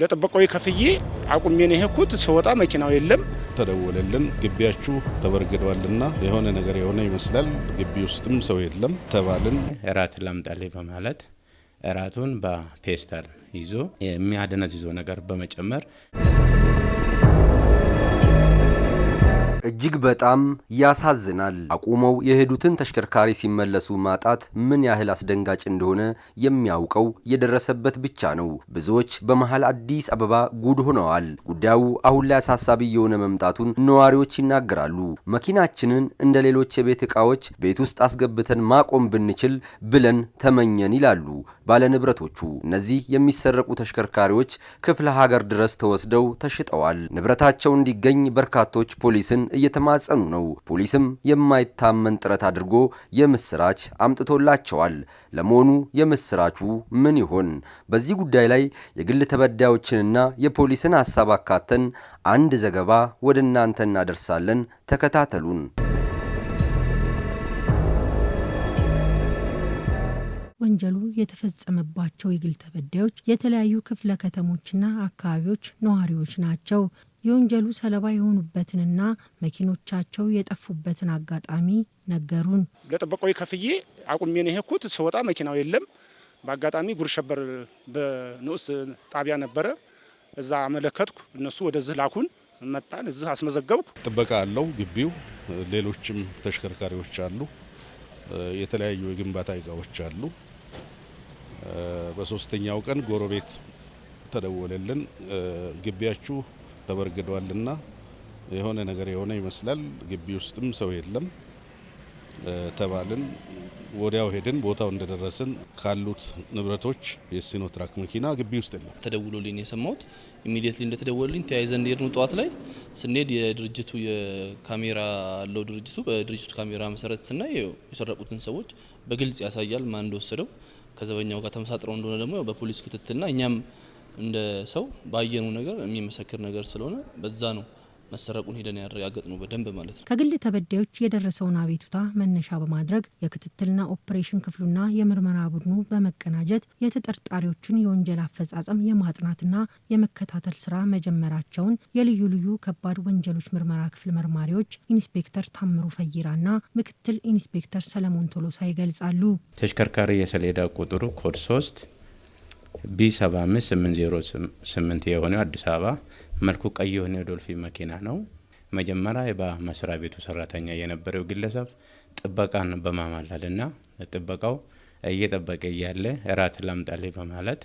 ለጥበቃዊ ከፍዬ አቁሜን የሄድኩት ስወጣ መኪናው የለም። ተደወለልን ግቢያችሁ ተበርግዷልና የሆነ ነገር የሆነ ይመስላል ግቢ ውስጥም ሰው የለም ተባልን። እራት ላምጣልኝ በማለት እራቱን በፔስታል ይዞ የሚያደነዝዞ ነገር በመጨመር እጅግ በጣም ያሳዝናል። አቁመው የሄዱትን ተሽከርካሪ ሲመለሱ ማጣት ምን ያህል አስደንጋጭ እንደሆነ የሚያውቀው የደረሰበት ብቻ ነው። ብዙዎች በመሃል አዲስ አበባ ጉድ ሆነዋል። ጉዳዩ አሁን ላይ አሳሳቢ የሆነ መምጣቱን ነዋሪዎች ይናገራሉ። መኪናችንን እንደ ሌሎች የቤት እቃዎች ቤት ውስጥ አስገብተን ማቆም ብንችል ብለን ተመኘን ይላሉ ባለንብረቶቹ። እነዚህ የሚሰረቁ ተሽከርካሪዎች ክፍለ ሀገር ድረስ ተወስደው ተሽጠዋል። ንብረታቸው እንዲገኝ በርካቶች ፖሊስን እየተማጸኑ ነው። ፖሊስም የማይታመን ጥረት አድርጎ የምስራች አምጥቶላቸዋል። ለመሆኑ የምስራቹ ምን ይሆን? በዚህ ጉዳይ ላይ የግል ተበዳዮችንና የፖሊስን ሀሳብ አካተን አንድ ዘገባ ወደ እናንተ እናደርሳለን። ተከታተሉን። ወንጀሉ የተፈጸመባቸው የግል ተበዳዮች የተለያዩ ክፍለ ከተሞችና አካባቢዎች ነዋሪዎች ናቸው። የወንጀሉ ሰለባ የሆኑበትንና መኪኖቻቸው የጠፉበትን አጋጣሚ ነገሩን። ለጥበቃዊ ከፍዬ አቁሜን የሄድኩት ስወጣ መኪናው የለም። በአጋጣሚ ጉርሸበር በንዑስ ጣቢያ ነበረ። እዛ አመለከትኩ። እነሱ ወደዚህ ላኩን። መጣን። እዚህ አስመዘገብኩ። ጥበቃ አለው ግቢው። ሌሎችም ተሽከርካሪዎች አሉ። የተለያዩ የግንባታ እቃዎች አሉ። በሶስተኛው ቀን ጎረቤት ተደወለልን። ግቢያችሁ ተበርግዷልና የሆነ ነገር የሆነ ይመስላል። ግቢ ውስጥም ሰው የለም ተባልን። ወዲያው ሄድን። ቦታው እንደደረስን ካሉት ንብረቶች የሲኖትራክ መኪና ግቢ ውስጥ የለም። ተደውሎልኝ የሰማሁት ኢሚዲየትሊ እንደተደወለልኝ ተያይዘን ሄድን። ጠዋት ላይ ስንሄድ የድርጅቱ የካሜራ አለው። ድርጅቱ በድርጅቱ ካሜራ መሰረት ስናይ የሰረቁትን ሰዎች በግልጽ ያሳያል ማን እንደወሰደው። ከዘበኛው ጋር ተመሳጥረው እንደሆነ ደግሞ በፖሊስ ክትትልና እኛም እንደ ሰው ባየነው ነገር የሚመሰክር ነገር ስለሆነ በዛ ነው መሰረቁን ሄደን ያረጋገጥ ነው በደንብ ማለት ነው። ከግል ተበዳዮች የደረሰውን አቤቱታ መነሻ በማድረግ የክትትልና ኦፕሬሽን ክፍሉና የምርመራ ቡድኑ በመቀናጀት የተጠርጣሪዎቹን የወንጀል አፈጻጸም የማጥናትና የመከታተል ስራ መጀመራቸውን የልዩ ልዩ ከባድ ወንጀሎች ምርመራ ክፍል መርማሪዎች ኢንስፔክተር ታምሩ ፈይራና ምክትል ኢንስፔክተር ሰለሞን ቶሎሳ ይገልጻሉ። ተሽከርካሪ የሰሌዳ ቁጥሩ ኮድ 3 ቢ 75808 የሆነው አዲስ አበባ መልኩ ቀይ የሆነ የዶልፊን መኪና ነው። መጀመሪያ በመስሪያ ቤቱ ሰራተኛ የነበረው ግለሰብ ጥበቃን በማማላልና ጥበቃው እየጠበቀ እያለ እራት ላምጣሌ በማለት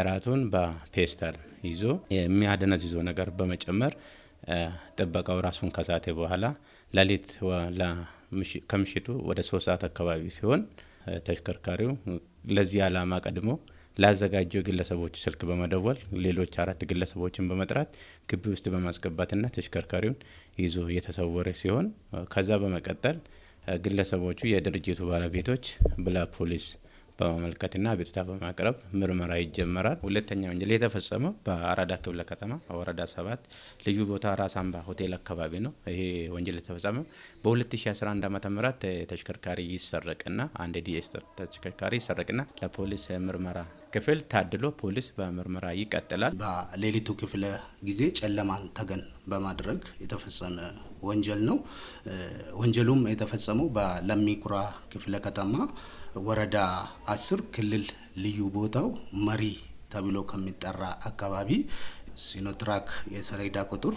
እራቱን በፔስታል ይዞ የሚያደነዝዞ ነገር በመጨመር ጥበቃው ራሱን ከሳተ በኋላ ሌሊት ከምሽቱ ወደ ሶስት ሰዓት አካባቢ ሲሆን ተሽከርካሪው ለዚህ ዓላማ ቀድሞ ላዘጋጀው ግለሰቦች ስልክ በመደወል ሌሎች አራት ግለሰቦችን በመጥራት ግቢ ውስጥ በማስገባትና ተሽከርካሪውን ይዞ የተሰወረ ሲሆን ከዛ በመቀጠል ግለሰቦቹ የድርጅቱ ባለቤቶች ብላክ ፖሊስ በማመልከትና አቤቱታ በማቅረብ ምርመራ ይጀመራል። ሁለተኛ ወንጀል የተፈጸመው በአራዳ ክፍለ ከተማ ወረዳ ሰባት ልዩ ቦታ ራስ አምባ ሆቴል አካባቢ ነው። ይሄ ወንጀል የተፈጸመው በ2011 ዓ ም ተሽከርካሪ ይሰረቅና አንድ ዲኤስ ተሽከርካሪ ይሰረቅና ለፖሊስ ምርመራ ክፍል ታድሎ ፖሊስ በምርመራ ይቀጥላል። በሌሊቱ ክፍለ ጊዜ ጨለማን ተገን በማድረግ የተፈጸመ ወንጀል ነው። ወንጀሉም የተፈጸመው በለሚኩራ ክፍለ ከተማ ወረዳ አስር ክልል ልዩ ቦታው መሪ ተብሎ ከሚጠራ አካባቢ ሲኖትራክ የሰሌዳ ቁጥር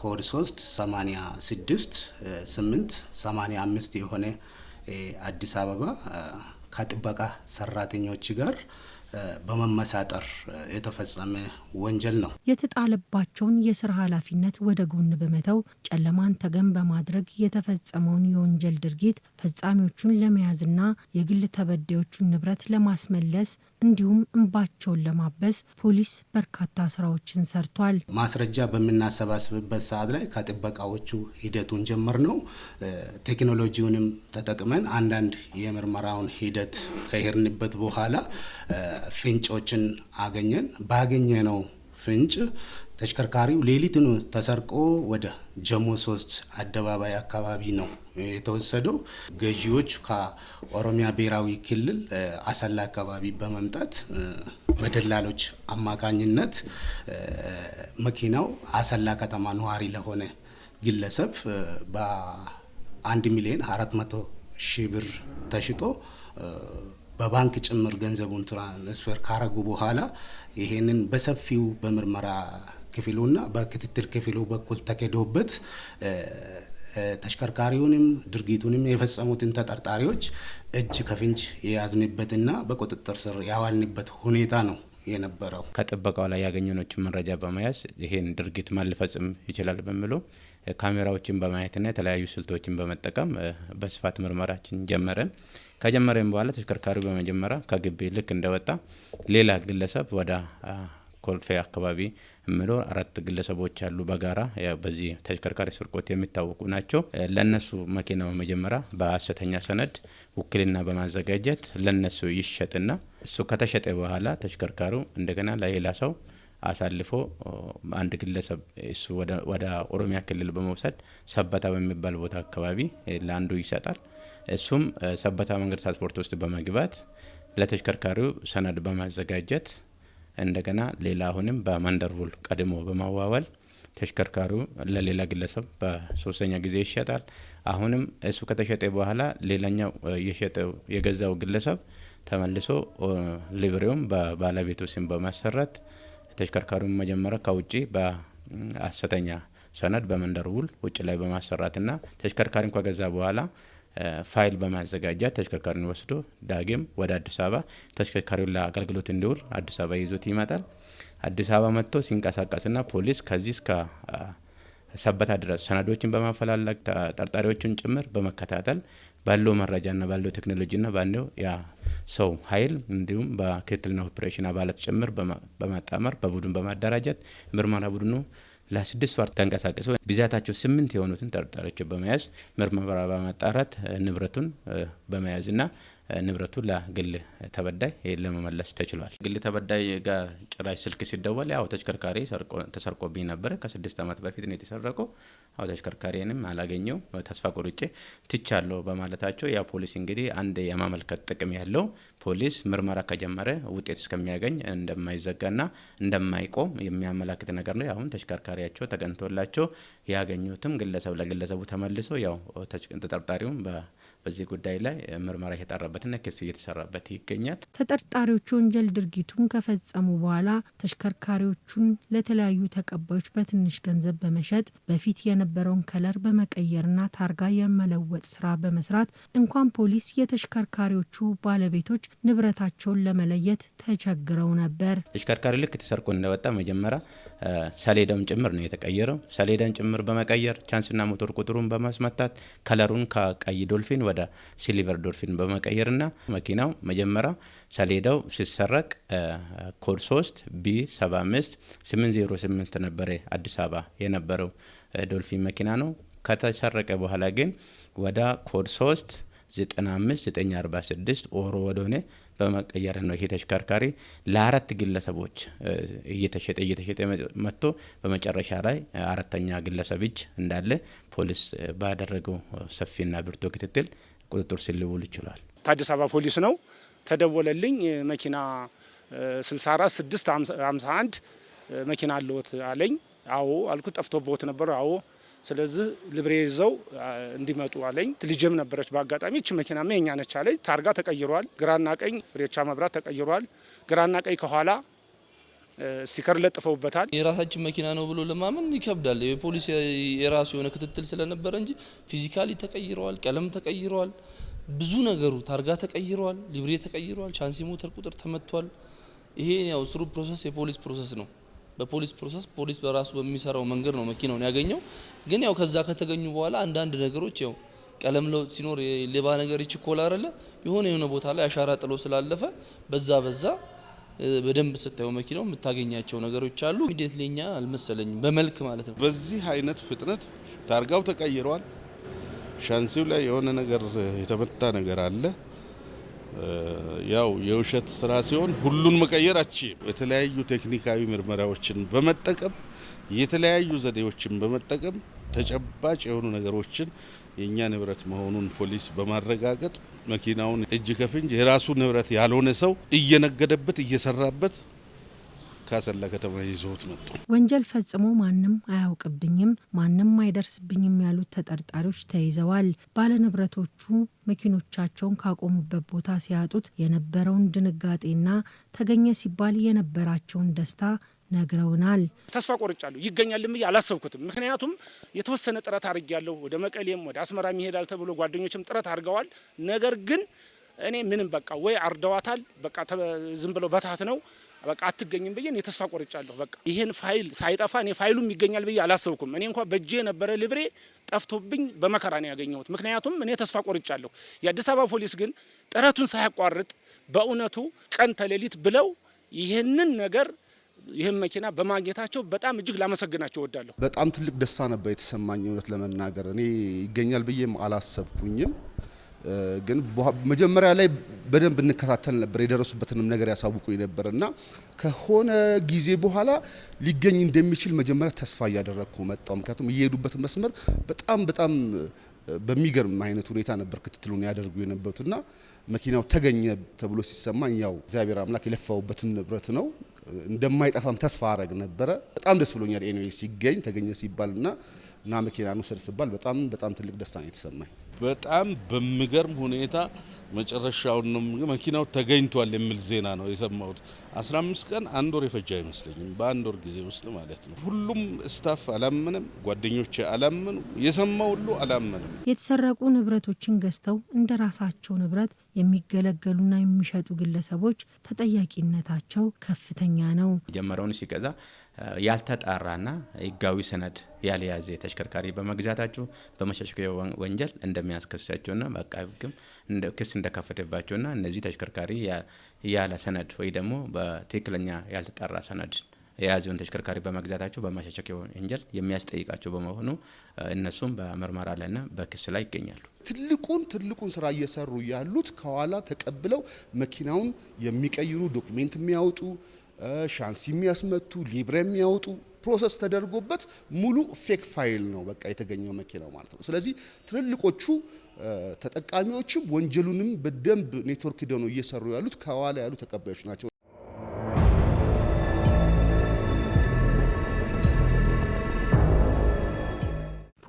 ኮድ 3 86 8 85 የሆነ አዲስ አበባ ከጥበቃ ሰራተኞች ጋር በመመሳጠር የተፈጸመ ወንጀል ነው። የተጣለባቸውን የስራ ኃላፊነት ወደ ጎን በመተው ጨለማን ተገን በማድረግ የተፈጸመውን የወንጀል ድርጊት ፈጻሚዎቹን ለመያዝና የግል ተበዳዮቹን ንብረት ለማስመለስ እንዲሁም እንባቸውን ለማበስ ፖሊስ በርካታ ስራዎችን ሰርቷል። ማስረጃ በምናሰባስብበት ሰዓት ላይ ከጥበቃዎቹ ሂደቱን ጀምር ነው። ቴክኖሎጂውንም ተጠቅመን አንዳንድ የምርመራውን ሂደት ከሄድንበት በኋላ ፍንጮችን አገኘን። ባገኘነው ፍንጭ ተሽከርካሪው ሌሊትን ተሰርቆ ወደ ጀሞ ሶስት አደባባይ አካባቢ ነው የተወሰደው። ገዢዎች ከኦሮሚያ ብሔራዊ ክልል አሰላ አካባቢ በመምጣት በደላሎች አማካኝነት መኪናው አሰላ ከተማ ነዋሪ ለሆነ ግለሰብ በአንድ ሚሊዮን አራት መቶ ሺህ ብር ተሽጦ በባንክ ጭምር ገንዘቡን ትራንስፈር ካረጉ በኋላ ይሄንን በሰፊው በምርመራ ክፍሉና በክትትል ክፍሉ በኩል ተኬዶበት ተሽከርካሪውንም ድርጊቱንም የፈጸሙትን ተጠርጣሪዎች እጅ ከፍንጅ የያዝንበትና በቁጥጥር ስር ያዋልንበት ሁኔታ ነው የነበረው። ከጥበቃው ላይ ያገኘኖችን መረጃ በመያዝ ይሄን ድርጊት ማን ሊፈጽም ይችላል በሚለው ካሜራዎችን በማየትና የተለያዩ ስልቶችን በመጠቀም በስፋት ምርመራችን ጀመረን። ከጀመረን በኋላ ተሽከርካሪ በመጀመሪያ ከግቢ ልክ እንደወጣ ሌላ ግለሰብ ወደ ኮልፌ አካባቢ የሚኖር አራት ግለሰቦች አሉ። በጋራ በዚህ ተሽከርካሪ ስርቆት የሚታወቁ ናቸው። ለነሱ መኪና በመጀመሪያ በሀሰተኛ ሰነድ ውክልና በማዘጋጀት ለነሱ ይሸጥና እሱ ከተሸጠ በኋላ ተሽከርካሪው እንደገና ለሌላ ሰው አሳልፎ አንድ ግለሰብ እሱ ወደ ኦሮሚያ ክልል በመውሰድ ሰበታ በሚባል ቦታ አካባቢ ለአንዱ ይሰጣል። እሱም ሰበታ መንገድ ትራንስፖርት ውስጥ በመግባት ለተሽከርካሪው ሰነድ በማዘጋጀት እንደገና ሌላ አሁንም በመንደር ውል ቀድሞ በማዋዋል ተሽከርካሪው ለሌላ ግለሰብ በሶስተኛ ጊዜ ይሸጣል። አሁንም እሱ ከተሸጠ በኋላ ሌላኛው የሸጠው የገዛው ግለሰብ ተመልሶ ሊብሬውም በባለቤቱ ስም በማሰረት ተሽከርካሪውን መጀመሪያ ከውጭ በአሰተኛ ሰነድ በመንደር ውል ውጭ ላይ በማሰራትና ተሽከርካሪን ከገዛ በኋላ ፋይል በማዘጋጃት ተሽከርካሪን ወስዶ ዳግም ወደ አዲስ አበባ ተሽከርካሪውን ለአገልግሎት እንዲውል አዲስ አበባ ይዞት ይመጣል። አዲስ አበባ መጥቶ ሲንቀሳቀስና ፖሊስ ከዚህ እስከ ሰበታ ድረስ ሰነዶችን በማፈላለግ ተጠርጣሪዎችን ጭምር በመከታተል ባለው መረጃና ባለው ቴክኖሎጂና ባለው ያ ሰው ኃይል እንዲሁም በክትትልና ኦፕሬሽን አባላት ጭምር በማጣመር በቡድን በማደራጀት ምርመራ ቡድኑ ለስድስት ወር ተንቀሳቀሰ። ብዛታቸው ስምንት የሆኑትን ተጠርጣሪዎች በመያዝ ምርመራ በማጣራት ንብረቱን በመያዝና ንብረቱ ለግል ተበዳይ ለመመለስ ተችሏል። ግል ተበዳይ ጋር ጭራሽ ስልክ ሲደወል ያው ተሽከርካሪ ተሰርቆብኝ ነበረ ከስድስት ዓመት በፊት ነው የተሰረቀው። አሁ ተሽከርካሪንም አላገኘው ተስፋ ቆርጬ ትቻለሁ በማለታቸው ያ ፖሊስ እንግዲህ አንድ የማመልከት ጥቅም ያለው ፖሊስ ምርመራ ከጀመረ ውጤት እስከሚያገኝ እንደማይዘጋና እንደማይቆም የሚያመላክት ነገር ነው። አሁን ተሽከርካሪያቸው ተገንቶላቸው ያገኙትም ግለሰብ ለግለሰቡ ተመልሶ ያው ተጠርጣሪውም በዚህ ጉዳይ ላይ ምርመራ የተጣራበትና ክስ እየተሰራበት ይገኛል። ተጠርጣሪዎቹ ወንጀል ድርጊቱን ከፈጸሙ በኋላ ተሽከርካሪዎቹን ለተለያዩ ተቀባዮች በትንሽ ገንዘብ በመሸጥ በፊት የነበረውን ከለር በመቀየርና ታርጋ የመለወጥ ስራ በመስራት እንኳን ፖሊስ የተሽከርካሪዎቹ ባለቤቶች ንብረታቸውን ለመለየት ተቸግረው ነበር። ተሽከርካሪ ልክ ተሰርቆ እንደወጣ መጀመሪያ ሰሌዳውን ጭምር ነው የተቀየረው። ሰሌዳን ጭምር በመቀየር ቻንስና ሞተር ቁጥሩን በማስመታት ከለሩን ከቀይ ዶልፊን ወደ ሲሊቨር ዶልፊን በመቀየርና መኪናው መጀመሪያ ሰሌዳው ሲሰረቅ ኮድ 3 ቢ 75 808 ነበረ አዲስ አበባ የነበረው ዶልፊን መኪና ነው። ከተሰረቀ በኋላ ግን ወደ ኮድ 3 95 946 ኦሮ ወደሆነ በመቀየር ነው ይሄ ተሽከርካሪ ለአራት ግለሰቦች እየተሸጠ እየተሸጠ መጥቶ በመጨረሻ ላይ አራተኛ ግለሰብ እጅ እንዳለ ፖሊስ ባደረገው ሰፊና ብርቶ ክትትል ቁጥጥር ሲልውል ሊውል ይችሏል። አበባ ፖሊስ ነው ተደወለልኝ። መኪና 64 6 51 መኪና አለዎት አለኝ። አዎ ጠፍቶ ቦት ነበረ? አዎ ስለዚህ ልብሬ ይዘው እንዲመጡ አለኝ። ልጅም ነበረች በአጋጣሚ እች መኪና የኛ ነች አለኝ። ታርጋ ተቀይሯል፣ ግራና ቀኝ ፍሬቻ መብራት ተቀይሯል፣ ግራና ቀኝ ከኋላ ስቲከር ለጥፈውበታል። የራሳችን መኪና ነው ብሎ ለማመን ይከብዳል። የፖሊስ የራሱ የሆነ ክትትል ስለነበረ እንጂ ፊዚካሊ ተቀይረዋል፣ ቀለም ተቀይረዋል፣ ብዙ ነገሩ ታርጋ ተቀይረዋል፣ ሊብሬ ተቀይረዋል፣ ቻንሲ ሞተር ቁጥር ተመቷል። ይሄ ያው ስሩ ፕሮሰስ የፖሊስ ፕሮሰስ ነው። በፖሊስ ፕሮሰስ ፖሊስ በራሱ በሚሰራው መንገድ ነው መኪናውን ያገኘው። ግን ያው ከዛ ከተገኙ በኋላ አንዳንድ ነገሮች ያው ቀለም ለውጥ ሲኖር ሌባ ነገር ይችኮል አይደለ? የሆነ የሆነ ቦታ ላይ አሻራ ጥሎ ስላለፈ በዛ በዛ በደንብ ስታየው መኪናው የምታገኛቸው ነገሮች አሉ። ሂደት ለኛ አልመሰለኝም፣ በመልክ ማለት ነው። በዚህ አይነት ፍጥነት ታርጋው ተቀይሯል። ሻንሲው ላይ የሆነ ነገር የተመታ ነገር አለ። ያው የውሸት ስራ ሲሆን ሁሉን መቀየር መቀየራች የተለያዩ ቴክኒካዊ ምርመራዎችን በመጠቀም የተለያዩ ዘዴዎችን በመጠቀም ተጨባጭ የሆኑ ነገሮችን የእኛ ንብረት መሆኑን ፖሊስ በማረጋገጥ መኪናውን እጅ ከፍንጅ የራሱ ንብረት ያልሆነ ሰው እየነገደበት እየሰራበት ከሰለ ከተማ ይዘውት መጡ። ወንጀል ፈጽሞ ማንም አያውቅብኝም፣ ማንም አይደርስብኝም ያሉት ተጠርጣሪዎች ተይዘዋል። ባለንብረቶቹ መኪኖቻቸውን ካቆሙበት ቦታ ሲያጡት የነበረውን ድንጋጤና ተገኘ ሲባል የነበራቸውን ደስታ ነግረውናል። ተስፋ ቆርጫለሁ። ይገኛል ብዬ አላሰብኩትም። ምክንያቱም የተወሰነ ጥረት አድርጌያለሁ። ወደ መቀሌም ወደ አስመራ ይሄዳል ተብሎ ጓደኞችም ጥረት አድርገዋል። ነገር ግን እኔ ምንም በቃ ወይ አርደዋታል፣ በቃ ዝም ብለው በታት ነው በቃ አትገኝም ብዬ የተስፋ ቆርጫለሁ። በቃ ይሄን ፋይል ሳይጠፋ እኔ ፋይሉም ይገኛል ብዬ አላሰብኩም። እኔ እንኳ በእጄ የነበረ ልብሬ ጠፍቶብኝ በመከራ ነው ያገኘሁት። ምክንያቱም እኔ ተስፋ ቆርጫለሁ። የአዲስ አበባ ፖሊስ ግን ጥረቱን ሳያቋርጥ በእውነቱ ቀን ተሌሊት ብለው ይህንን ነገር ይህም መኪና በማግኘታቸው በጣም እጅግ ላመሰግናቸው እወዳለሁ። በጣም ትልቅ ደስታ ነበር የተሰማኝ እውነት ለመናገር እኔ ይገኛል ብዬም አላሰብኩኝም። ግን መጀመሪያ ላይ በደንብ እንከታተል ነበር የደረሱበትንም ነገር ያሳውቁኝ ነበር እና ከሆነ ጊዜ በኋላ ሊገኝ እንደሚችል መጀመሪያ ተስፋ እያደረግኩ መጣው። ምክንያቱም እየሄዱበት መስመር በጣም በጣም በሚገርም አይነት ሁኔታ ነበር ክትትሉን ያደርጉ የነበሩት እና መኪናው ተገኘ ተብሎ ሲሰማኝ ያው እግዚአብሔር አምላክ የለፋውበትን ንብረት ነው እንደማይጠፋም ተስፋ አረግ ነበረ። በጣም ደስ ብሎኛል። ኤኒዌይ ሲገኝ ተገኘ ሲባል እና እና መኪና ነው ስር በጣም በጣም ትልቅ ደስታ ነው የተሰማኝ። በጣም በሚገርም ሁኔታ መጨረሻውን ነው መኪናው ተገኝቷል የሚል ዜና ነው የሰማሁት። 15 ቀን አንድ ወር የፈጃ አይመስለኝም፣ በአንድ ወር ጊዜ ውስጥ ማለት ነው። ሁሉም ስታፍ አላመንም፣ ጓደኞች አላመኑ፣ የሰማ ሁሉ አላመንም። የተሰረቁ ንብረቶችን ገዝተው እንደ ራሳቸው ንብረት የሚገለገሉና የሚሸጡ ግለሰቦች ተጠያቂነታቸው ከፍተኛ ነው። መጀመሪያውን ሲገዛ ያልተጣራና ህጋዊ ሰነድ ያልያዘ ተሽከርካሪ በመግዛታቸው በመሸሽ ወንጀል እንደሚያስከሳቸውና በአቃቢ ሕግም ክስ እንደከፈተባቸውና እነዚህ ተሽከርካሪ ያለ ሰነድ ወይ ደግሞ በትክክለኛ ያልተጣራ ሰነድ የያዘውን ተሽከርካሪ በመግዛታቸው በማሸሸግ ወንጀል የሚያስጠይቃቸው በመሆኑ እነሱም በምርመራ ላይና በክስ ላይ ይገኛሉ። ትልቁን ትልቁን ስራ እየሰሩ ያሉት ከኋላ ተቀብለው መኪናውን የሚቀይሩ ዶክሜንት የሚያወጡ ሻንስ የሚያስመቱ ሊብረ የሚያወጡ ፕሮሰስ ተደርጎበት ሙሉ ፌክ ፋይል ነው በቃ የተገኘው መኪናው ማለት ነው። ስለዚህ ትልልቆቹ ተጠቃሚዎችም ወንጀሉንም በደንብ ኔትወርክ ደኖ እየሰሩ ያሉት ከኋላ ያሉ ተቀባዮች ናቸው።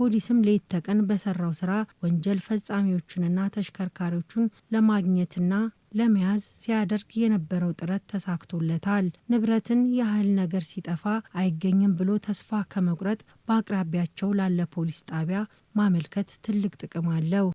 ፖሊስም ሌት ተቀን በሰራው ስራ ወንጀል ፈጻሚዎቹንና ተሽከርካሪዎቹን ለማግኘትና ለመያዝ ሲያደርግ የነበረው ጥረት ተሳክቶለታል። ንብረትን ያህል ነገር ሲጠፋ አይገኝም ብሎ ተስፋ ከመቁረጥ በአቅራቢያቸው ላለ ፖሊስ ጣቢያ ማመልከት ትልቅ ጥቅም አለው።